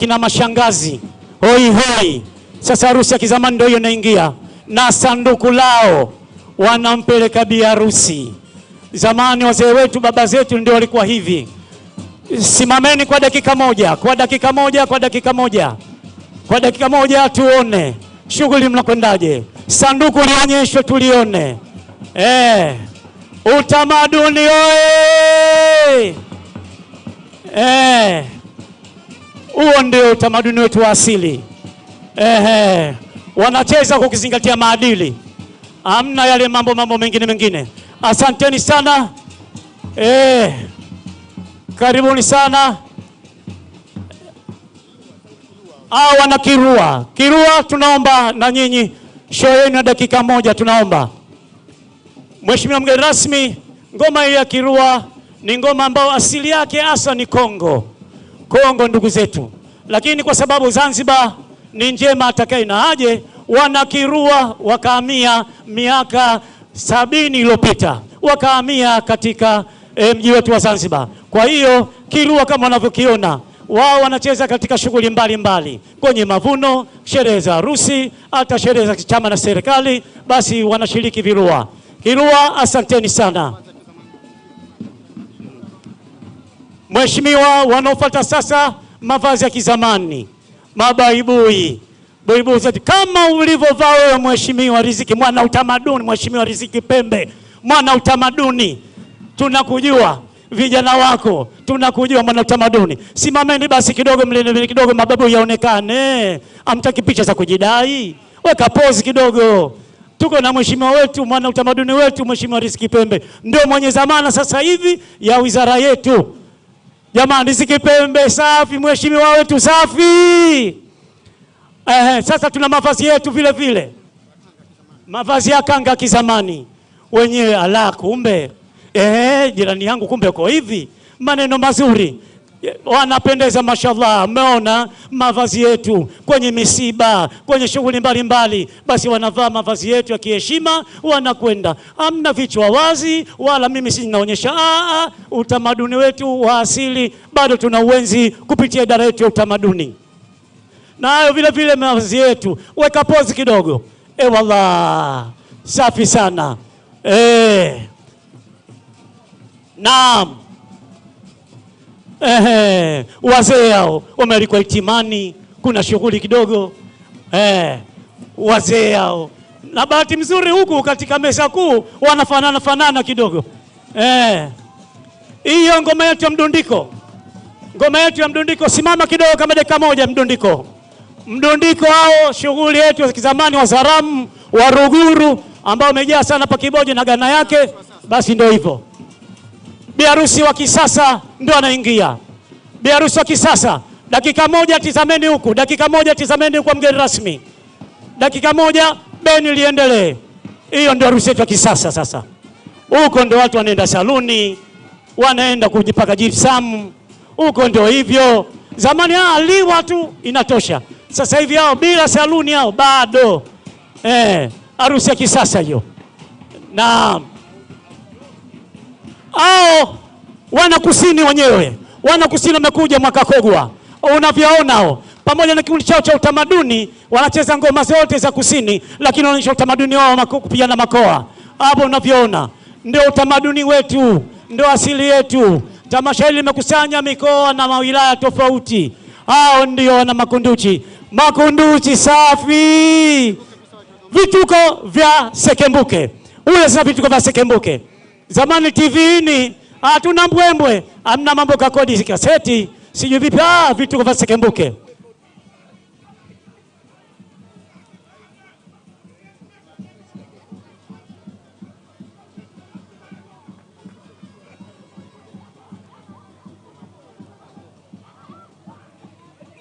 kina mashangazi hoi hoi. Sasa harusi ya kizamani ndio hiyo inaingia na sanduku lao, wanampeleka bi harusi. Zamani wazee wetu, baba zetu ndio walikuwa hivi. Simameni kwa dakika moja, kwa dakika moja, kwa dakika moja, kwa dakika moja, tuone shughuli mnakwendaje, sanduku lionyeshwe, tulione eh, utamaduni oye eh. Huo ndio utamaduni wetu wa asili. Ehe, wanacheza kwa kuzingatia maadili, hamna yale mambo mambo mengine mengine. Asanteni sana eh, karibuni sana. Hawa wana Kirua, Kirua tunaomba na nyinyi show yenu ya dakika moja, tunaomba Mheshimiwa mgeni rasmi. Ngoma hii ya Kirua ni ngoma ambayo asili yake hasa ni Kongo. Kongo ndugu zetu, lakini kwa sababu Zanzibar ni njema atakaye na aje, wanakirua wakahamia miaka sabini iliyopita wakahamia katika e, mji wetu wa Zanzibar. Kwa hiyo kirua kama wanavyokiona wao wanacheza katika shughuli mbalimbali kwenye mavuno, sherehe za harusi, hata sherehe za chama na serikali, basi wanashiriki virua. Kirua, asanteni sana. Mheshimiwa, wanaofuata sasa mavazi ya kizamani, mabaibui buibui zote kama ulivyovaa wewe Mheshimiwa Riziki, mwana utamaduni. Mheshimiwa Riziki Pembe, mwana utamaduni, tunakujua vijana wako tunakujua, mwana utamaduni. Simameni basi kidogo, mlini kidogo, mababu yaonekane. Amtaki picha za kujidai, weka pose kidogo. Tuko na mheshimiwa wetu mwana utamaduni wetu, Mheshimiwa Riziki Pembe ndio mwenye zamana sasa hivi ya wizara yetu. Jamani, si Kipembe safi, mheshimiwa wetu safi. Ehe, sasa tuna mavazi yetu vile vile, mavazi ya kanga kizamani wenyewe. Ala, kumbe eh, jirani yangu, kumbe uko hivi, maneno mazuri wanapendeza mashallah. umeona mavazi yetu kwenye misiba, kwenye shughuli mbalimbali, basi wanavaa mavazi yetu ya kiheshima, wanakwenda amna vichwa wazi, wala mimi si ninaonyesha. Aa, ah, ah, utamaduni wetu wa asili bado tuna uwenzi kupitia idara yetu ya utamaduni, hayo vile vile mavazi yetu. Weka pozi kidogo, e wallah, safi sana e. Naam. Ehe, wazee hao wamealikwa itimani kuna shughuli kidogo ehe, wazee hao na bahati mzuri huku katika meza kuu wanafanana fanana kidogo hiyo. ngoma yetu ya mdundiko, ngoma yetu ya mdundiko. Simama kidogo kama dakika moja. Mdundiko, mdundiko hao shughuli yetu ya kizamani, Wazaramu wa Ruguru ambao umejaa sana Pakibojo na gana yake, basi ndio hivyo. Biharusi wa kisasa ndo anaingia. Biharusi wa kisasa, dakika moja tizameni huku, dakika moja tizameni kwa mgeni rasmi, dakika moja beni liendelee. Hiyo ndio harusi yetu ya kisasa. Sasa huko ndo watu wanaenda saluni, wanaenda kujipaka jipsamu, huko ndio hivyo. Zamani ah, liwa tu inatosha. Sasa hivi hao bila saluni hao bado. Eh, harusi ya kisasa hiyo. Naam au kusini wenyewe. wana kusini wamekuja Mwakakogwa, unavyoona pamoja na kikundi chao cha utamaduni wanacheza ngoma zote za kusini, lakini wanaonyesha utamaduni wao kupigana makoa. Hapo unavyoona ndio utamaduni wetu, ndio asili yetu. Tamasha hili limekusanya mikoa na mawilaya tofauti. Hao ndio wana Makunduchi. Makunduchi safi! Vituko vya Sekembuke, huyo sasa, vituko vya Sekembuke. Zamani TV ni hatuna mbwembwe, amna mambo kakodi kaseti sijui vipi, ah vitu vya sekembuke.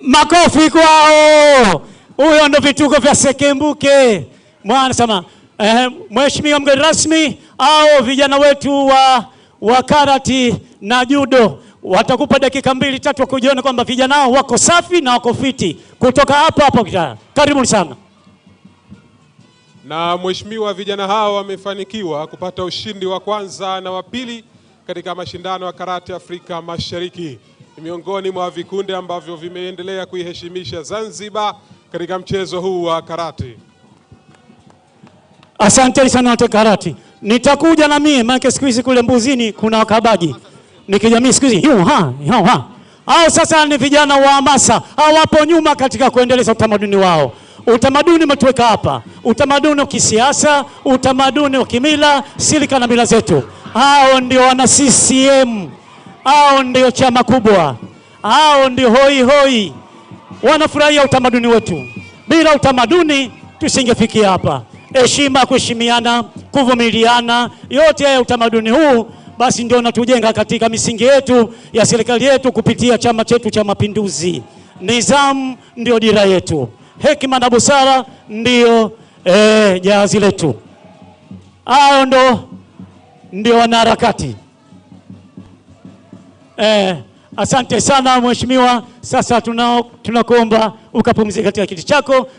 Makofi kwao. Huyo ndo vituko vya sekembuke mwana sama eh, mheshimiwa mgeni rasmi au vijana wetu wa, wa karati na judo watakupa dakika mbili tatu wakujiona kwamba vijana hao wako safi na wako fiti kutoka hapo hapo kijana. Karibuni sana. Na mheshimiwa, vijana hao wamefanikiwa kupata ushindi wa kwanza na wa pili katika mashindano ya karate Afrika Mashariki, miongoni mwa vikundi ambavyo vimeendelea kuiheshimisha Zanzibar katika mchezo huu wa karate. Asanteni sana wote karati. Nitakuja na mie maana siku hizi kule Mbuzini kuna wakabaji. Nikijamii siku hizi ha ha. Au sasa ni vijana wa hamasa, hawapo nyuma katika kuendeleza utamaduni wao. Utamaduni umetuweka hapa, utamaduni wa kisiasa, utamaduni wa kimila, silika na mila zetu. Hao ndio wana CCM, hao ndio chama kubwa, hao ndio hoi hoi, wanafurahia utamaduni wetu. Bila utamaduni tusingefikia hapa heshima, kuheshimiana, kuvumiliana, yote haya utamaduni huu basi ndio natujenga katika misingi yetu ya serikali yetu kupitia chama chetu cha Mapinduzi. Nidhamu ndio dira yetu, hekima na busara ndio e, jahazi letu. Hayo ndo ndio wanaharakati e. Asante sana mheshimiwa. Sasa tunakuomba ukapumzike katika kiti chako.